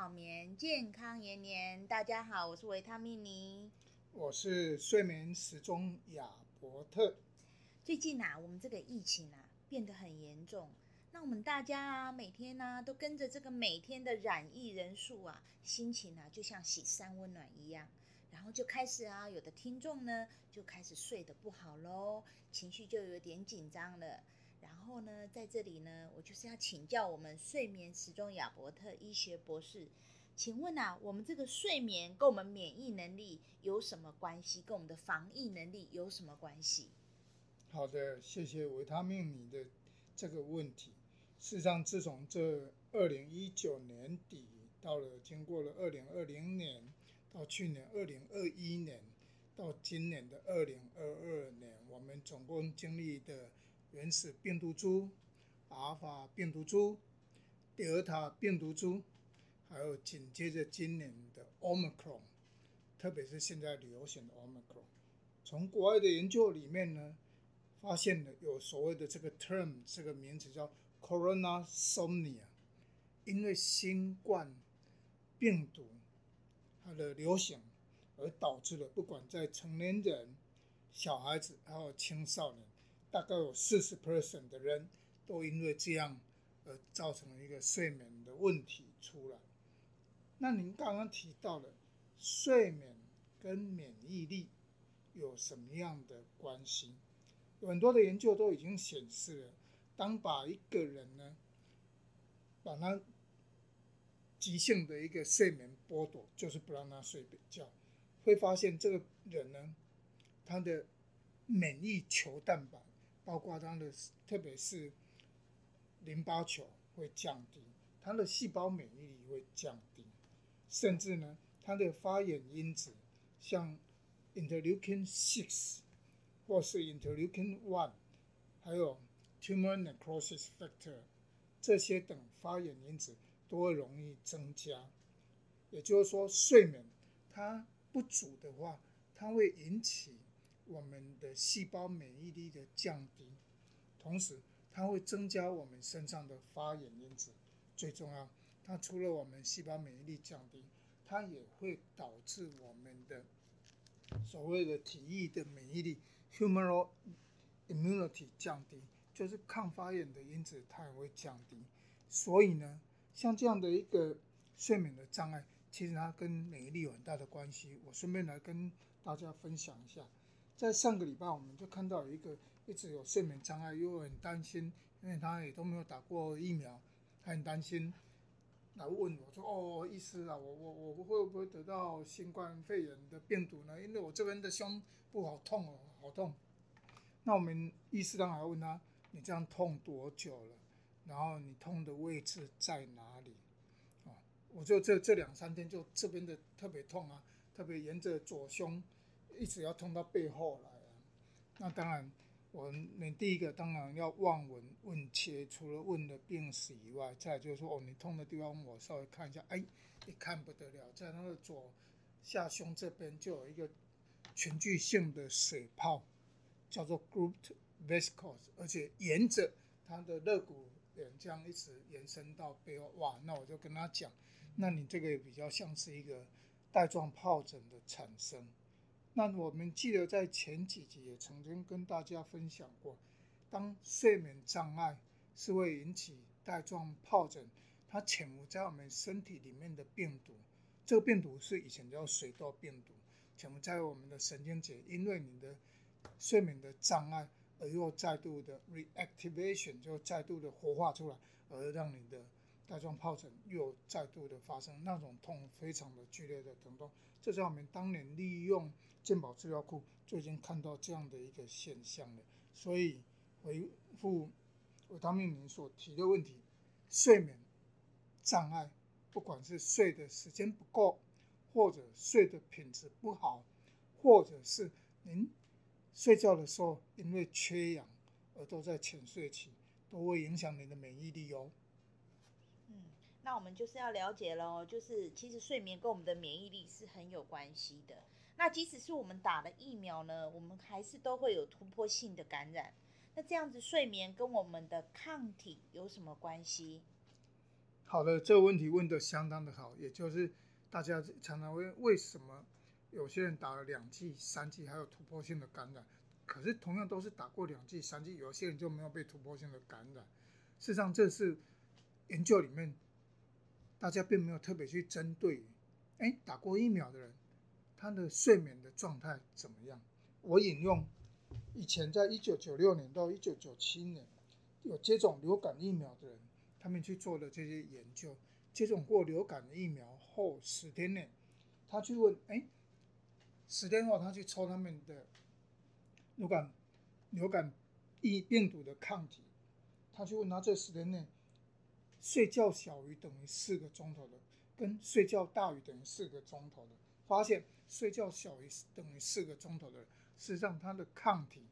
好眠健康延年，大家好，我是維他命妮，我是睡眠時鐘亞伯特。最近啊，我們這個疫情啊變得很嚴重，那我們大家啊每天呢、啊、都跟着這個每天的染疫人數啊，心情啊就像洗三溫暖一樣，然後就開始啊有的聽眾呢就開始睡得不好嘍，情緒就有點緊張了。然後呢，在這裡呢，我就是要請教我們睡眠時鐘亞伯特醫學博士，請問啊，我們這個睡眠跟我們免疫能力有什麼關係？跟我們的防疫能力有什麼關係？好的，謝謝維他命你的這個問題。事實上，自從這二零一九年底到了，經過了二零二零年到去年二零二一年，到今年的二零二二年，我們總共經歷的，原始病毒株、阿爾法病毒株、德爾塔病毒株，還有緊接着今年的奧密克戎，特別是現在流行的奧密克戎。從國外的研究裡面呢，發現了有所謂的這個 term，這個名字叫 corona somnia，因為新冠病毒它的流行而導致了，不管在成年人、小孩子還有青少年，大概有四十 percent 的人都因為這樣而造成了一個睡眠的問題出來。那您剛剛提到了睡眠跟免疫力有什麼樣的關係？很多的研究都已經顯示了，當把一個人呢，把他急性的一個睡眠剝奪，就是不讓他睡覺，會發現這個人呢，他的免疫球蛋白。包括它的，特別是淋巴球會降低，它的細胞免疫力會降低，甚至呢，它的發炎因子像，像 interleukin six 或是 interleukin one，還有 tumor necrosis factor 這些等發炎因子都會容易增加。也就是說，睡眠它不足的話，它會引起。我們的細胞免疫力的降低，同時它會增加我們身上的發炎因子。最重要，它除了我們細胞免疫力降低，它也會導致我們的所謂的體液的免疫力 （humoral immunity） 降低，就是抗發炎的因子它也會降低。所以呢，像這樣的一個睡眠的障礙，其實它跟免疫力有很大的關係。我順便來跟大家分享一下。在上個禮拜，我們就看到一個一直有睡眠障礙，又很擔心，因為他也都沒有打過疫苗，他很擔心，來問我說：“哦，醫師啊，我我我會不會得到新冠肺炎的病毒呢？因為我這邊的胸部好痛哦，好痛。”那我們醫師當然還問他：“你這樣痛多久了？然後你痛的位置在哪裡？”啊，我就這這兩三天就這邊的特別痛啊，特別沿着左胸。一直要痛到背後來啊！那當然，我們第一個當然要望聞問切。除了問的病史以外，再就是說，哦，你痛的地方我稍微看一下，哎，一看不得了，在那個左下胸這邊就有一個群聚性的水泡，叫做 grouped vesicles，而且沿着它的肋骨這樣一直延伸到背後。哇，那我就跟他講，那你這個也比較像是一個帶狀皰疹的產生。那我們記得在前幾集也曾經跟大家分享過，當睡眠障礙是會引起帶狀皰疹，它潛伏在我們身體裡面的病毒，這個病毒是以前叫水痘病毒，潛伏在我們的神經節，因為你的睡眠的障礙而又再度的 reactivation 就再度的活化出來，而讓你的。帶狀皰疹又再度的發生，那種痛非常的劇烈的疼痛，這是我們當年利用健保資料庫，就已經看到這樣的一個現象了。所以回復我，當面您所提的問題，睡眠障礙，不管是睡的時間不夠，或者睡的品質不好，或者是您睡覺的時候因為缺氧而都在淺睡期，都會影響您的免疫力哦。那我們就是要了解嘍，就是其實睡眠跟我們的免疫力是很有關係的。那即使是我們打了疫苗呢，我們還是都會有突破性的感染。那這樣子睡眠跟我們的抗體有什麼關係？好的，這個問題問得相當的好，也就是大家常常問為什麼有些人打了兩劑、三劑還有突破性的感染，可是同樣都是打過兩劑、三劑，有些人就沒有被突破性的感染。事實上，這是研究裡面。大家並沒有特別去針對，哎、欸，打過疫苗的人，他的睡眠的狀態怎麼樣？我引用以前在1996年到1997年有接種流感疫苗的人，他們去做了這些研究。接種過流感的疫苗後十天內，他去問，哎、欸，十天後他去抽他們的流感流感疫、e、病毒的抗體，他去問，那這十天內。睡覺小於等於四個鐘頭的，跟睡覺大於等於四個鐘頭的，發現睡覺小於等於四個鐘頭的實際上他的抗體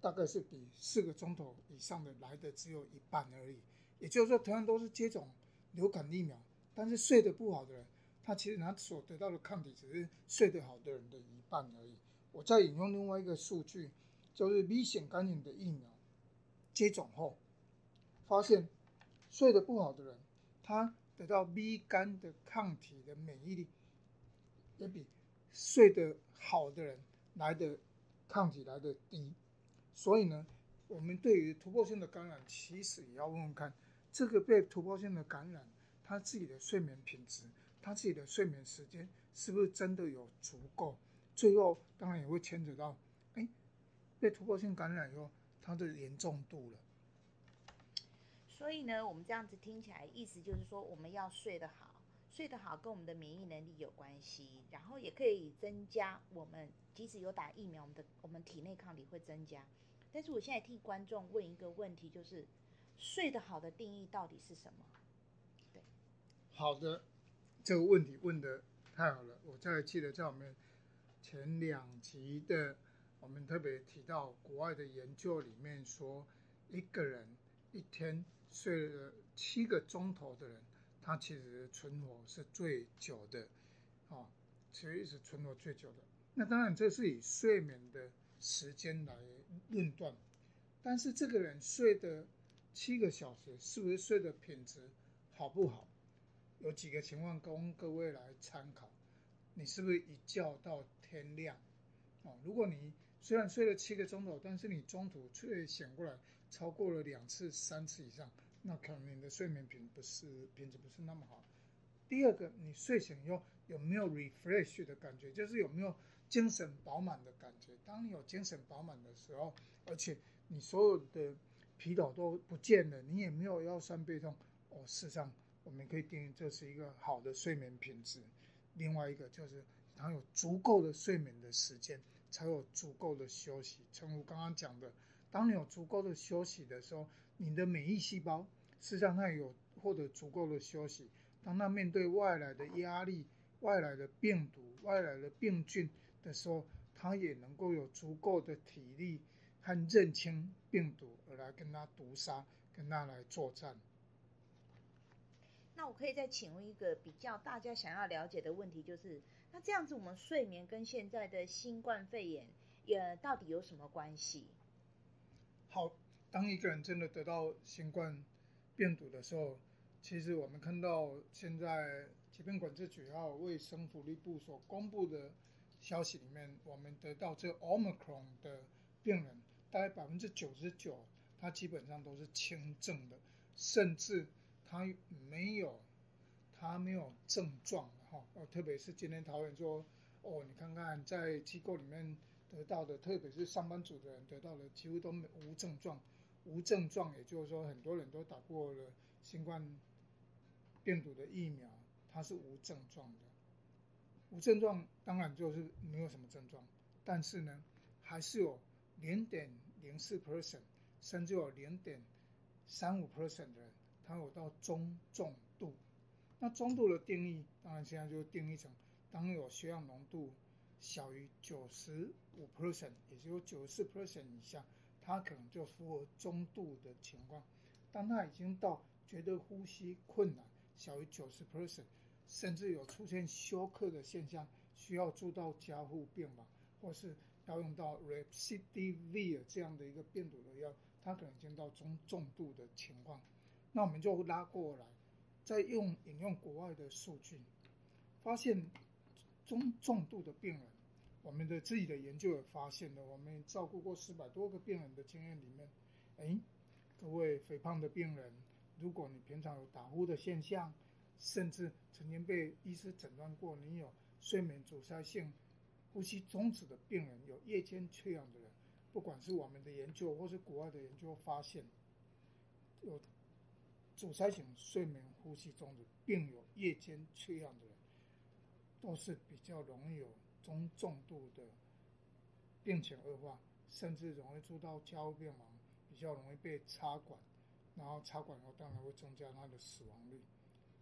大概是比四個鐘頭以上的來的只有一半而已。也就是說，同樣都是接種流感疫苗，但是睡得不好的人，他其實他所得到的抗體只是睡得好的人的一半而已。我再引用另外一個數據，就是 B 型肝炎的疫苗接種後，發現。睡得不好的人，他得到 B 肝的抗體的免疫力，也比睡得好的人來的抗體來的低。所以呢，我們對於突破性的感染，其實也要問問看，這個被突破性的感染，他自己的睡眠品質，他自己的睡眠時間是不是真的有足夠？最後當然也會牽扯到，哎，被突破性感染以後，它的嚴重度了。所以呢，我們這樣子聽起來，意思就是說，我們要睡得好，睡得好跟我們的免疫能力有關係，然後也可以增加我們即使有打疫苗，我們的我們體內抗體會增加。但是我現在替觀眾問一個問題，就是睡得好的定義到底是什麼？對，好的，這個問題問得太好了。我再記得在我們前兩集的，我們特別提到國外的研究裡面說，一個人一天。睡了七個鐘頭的人，他其實存活是最久的，啊、哦，其實是存活最久的。那當然，這是以睡眠的時間來論斷，但是這個人睡的七個小時，是不是睡的品質好不好？有幾個情況供各位來參考。你是不是一覺到天亮？哦，如果你雖然睡了七個鐘頭，但是你中途卻醒過來超過了兩次、三次以上。那可能你的睡眠品，不是，品質不是那麼好。第二個，你睡醒以後有沒有 refresh 的感覺，就是有沒有精神飽滿的感覺？當你有精神飽滿的時候，而且你所有的疲勞都不見了，你也沒有腰酸背痛，哦，事實上我們可以定義這是一個好的睡眠品質。另外一個就是，當有足夠的睡眠的時間，才有足夠的休息。正如剛剛講的，當你有足夠的休息的時候，你的免疫細胞，事實上他也，他有獲得足夠的休息。當他面對外來的壓力、外來的病毒、外來的病菌的時候，他也能夠有足夠的體力和認清病毒，而來跟他毒殺、跟他來作戰。那我可以再請問一個比較大家想要了解的問題，就是那這樣子，我們睡眠跟現在的新冠肺炎也到底有什麼關係？好，當一個人真的得到新冠。病毒的時候，其實我們看到現在疾病管制局和衛生福利部所公布的消息裡面，我們得到這奧密克戎的病人，大概百分之九十九，他基本上都是輕症的，甚至他沒有他沒有症狀的哈。哦，特別是今天桃園說，哦，你看看在機構裡面得到的，特別是上班族的人得到的，幾乎都沒無症狀。無症狀，也就是說，很多人都打過了新冠病毒的疫苗，它是無症狀的。無症狀當然就是沒有什麼症狀，但是呢，還是有零點零四 percent，甚至有零點三五 percent 的人，他有到中重度。那中度的定義，當然現在就定義成，當有血氧濃度小於九十五 percent，也就是九十四 percent 以下。他可能就符合中度的情況，當他已經到覺得呼吸困難，小於九十 percent，甚至有出現休克的現象，需要住到加護病房，或是要用到 remdesivir 這樣的一個病毒的藥，他可能已經到中重度的情況，那我們就拉過來，再用引用國外的數據，發現中重度的病人。我們的自己的研究也發現了，我們照顧過四百多個病人的經驗裡面，哎、欸，各位肥胖的病人，如果你平常有打呼的現象，甚至曾經被醫師診斷過你有睡眠阻塞性呼吸中止的病人，有夜間缺氧的人，不管是我們的研究或是國外的研究發現，有阻塞性睡眠呼吸中止並有夜間缺氧的人，都是比較容易有。中重度的病情惡化，甚至容易住到加護病房，比較容易被插管，然後插管以後當然會增加他的死亡率。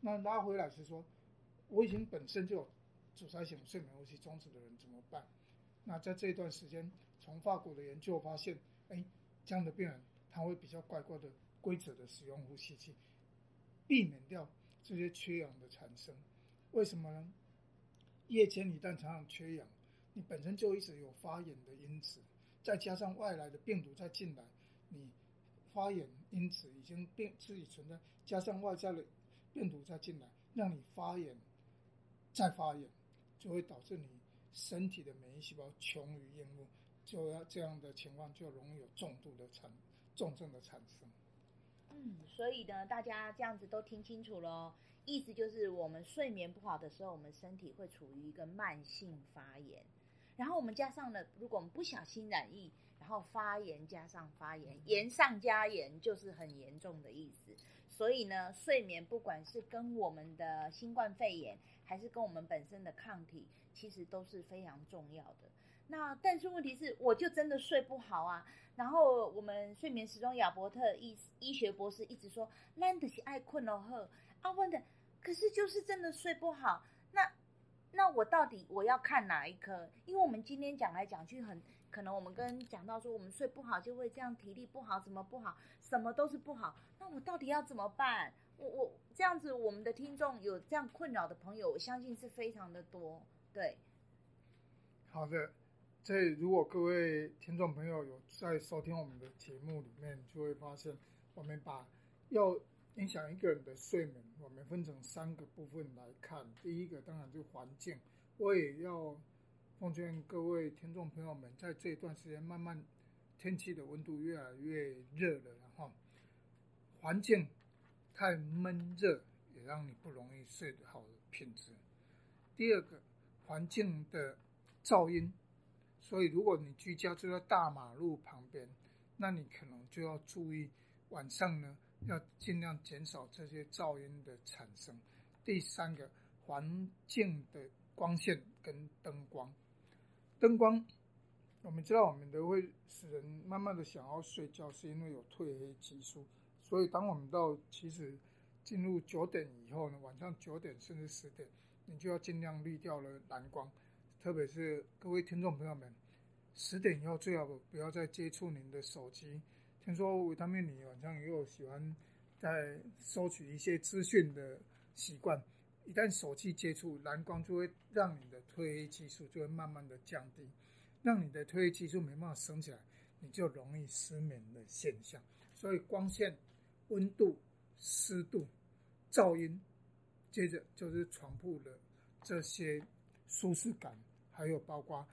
那拉回來是說，我已經本身就有阻塞性睡眠呼吸中止的人怎麼辦？那在這段時間，從法國的研究發現，哎、欸，這樣的病人他會比較乖乖的、規則的使用呼吸器，避免掉這些缺氧的產生。為什麼呢？夜間你一旦常常缺氧，你本身就一直有發炎的因子，再加上外來的病毒再進來，你發炎因子已經變自己存在，加上外在的病毒再進來，讓你發炎再發炎，就會導致你身體的免疫細胞窮於應付，就要這樣的情況就容易有重度的產重症的產生。嗯，所以呢，大家這樣子都聽清楚咯。意思就是我們睡眠不好的時候，我們身體會處於一個慢性發炎，然後我們加上了，如果我們不小心染疫，然後發炎加上發炎，炎上加炎就是很嚴重的意思。所以呢，睡眠不管是跟我們的新冠肺炎，還是跟我們本身的抗體，其實都是非常重要的。那但是問題是，我就真的睡不好啊。然後我們睡眠時鐘亞伯特醫醫學博士一直說，難得是愛困嘍呵。啊問的，可是就是真的睡不好。那那我到底我要看哪一科？因為我們今天講來講去很，很可能我們跟講到說，我們睡不好就會這樣，體力不好，怎麼不好，什麼都是不好。那我到底要怎麼辦？我我這樣子，我們的聽眾有這樣困擾的朋友，我相信是非常的多。對，好的。所以，這如果各位聽眾朋友有在收聽我們的節目裡面，就會發現，我們把要影響一個人的睡眠，我們分成三個部分來看。第一個當然就環境，我也要奉勸各位聽眾朋友們，在這段時間慢慢天氣的溫度越來越熱了，然後環境太悶熱也讓你不容易睡得好的品質。第二個，環境的噪音。所以，如果你居家住在大馬路旁邊，那你可能就要注意晚上呢，要盡量減少這些噪音的產生。第三個，環境的光線跟燈光，燈光我們知道，我們都會使人慢慢的想要睡覺，是因為有褪黑激素。所以，當我們到其實進入九點以後呢，晚上九點甚至十點，你就要盡量濾掉了藍光。特別是各位聽眾朋友們，十點以後最好不要再接觸您的手機。聽說維他命，你晚上也有喜歡在收取一些資訊的習慣，一旦手機接觸藍光，就會讓你的褪黑激素就會慢慢的降低，讓你的褪黑激素沒辦法升起來，你就容易失眠的現象。所以光線、溫度、濕度、噪音，接着就是床鋪的這些舒適感。還有包括，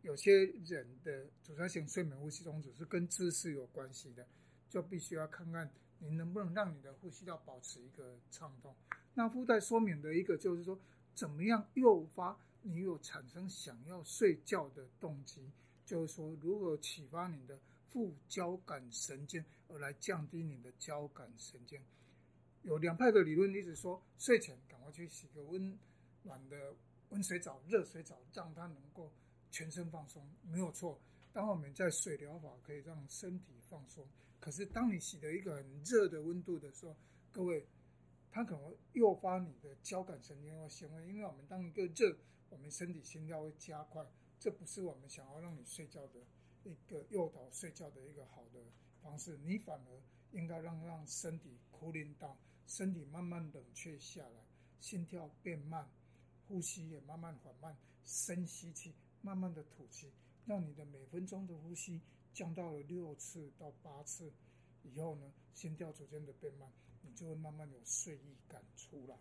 有些人的阻塞性睡眠呼吸中止是跟姿勢有關係的，就必須要看看你能不能讓你的呼吸道保持一個暢通。那附帶說明的一個就是說，怎麼樣誘發你有產生想要睡覺的動機？就是說，如何啟發你的副交感神經，而來降低你的交感神經？有兩派的理論，一直說睡前趕快去洗個溫暖的。溫水澡、熱水澡，讓它能夠全身放鬆，沒有錯。當我們在水療法可以讓身體放鬆，可是當你洗的一個很熱的溫度的時候，各位，它可能誘發你的交感神經或行為，因為我們當一個熱，我們身體心跳會加快，這不是我們想要讓你睡覺的一個誘導睡覺的一個好的方式。你反而應該讓讓身體 cooling down，身體慢慢冷卻下來，心跳變慢。呼吸也慢慢緩慢，深吸氣，慢慢的吐氣，讓你的每分鐘的呼吸降到了六次到八次，以後呢，心跳逐漸的變慢，你就會慢慢有睡意感出來。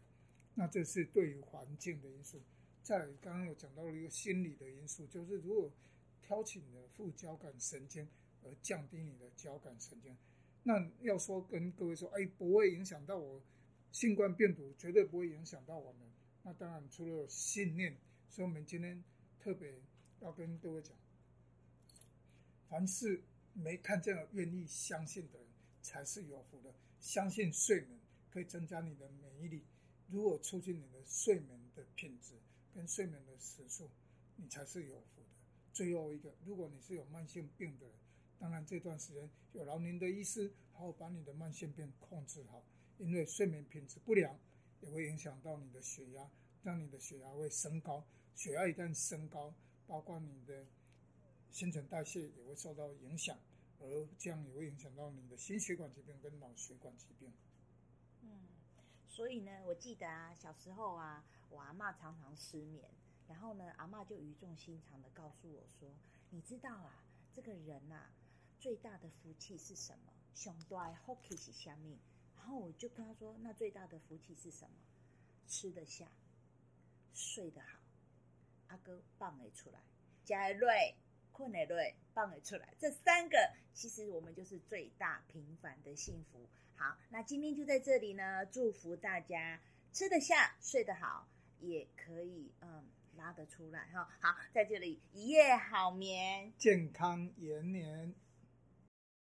那這是對於環境的因素，再剛剛有講到了一個心理的因素，就是如果挑起你的副交感神經，而降低你的交感神經，那要說跟各位說，哎，不會影響到我，新冠病毒絕對不會影響到我們。那當然，除了信念，所以我們今天特別要跟各位講：凡是沒看見願意相信的人，才是有福的。相信睡眠可以增加你的免疫力，如果促進你的睡眠的品質跟睡眠的時數，你才是有福的。最後一個，如果你是有慢性病的人，當然這段時間有勞您的醫師然後，好好把你的慢性病控制好，因為睡眠品質不良，也會影響到你的血壓，讓你的血壓會升高。血壓一旦升高，包括你的新陳代謝也會受到影響，而這樣也會影響到你的心血管疾病跟腦血管疾病。嗯，所以呢，我記得啊，小時候啊，我阿嬤常常失眠，然後呢，阿嬤就語重心長的告訴我說：“你知道啊，這個人吶、啊，最大的福氣是什麼？”然後我就跟他說：“那最大的福氣是什麼？吃得下，睡得好。阿哥放得出來，家瑞困哎瑞放得出來，這三個其實我們就是最大平凡的幸福。好，那今天就在這裡呢，祝福大家吃得下，睡得好，也可以嗯拉得出來哈。好，在這裡一夜好眠，健康延年。”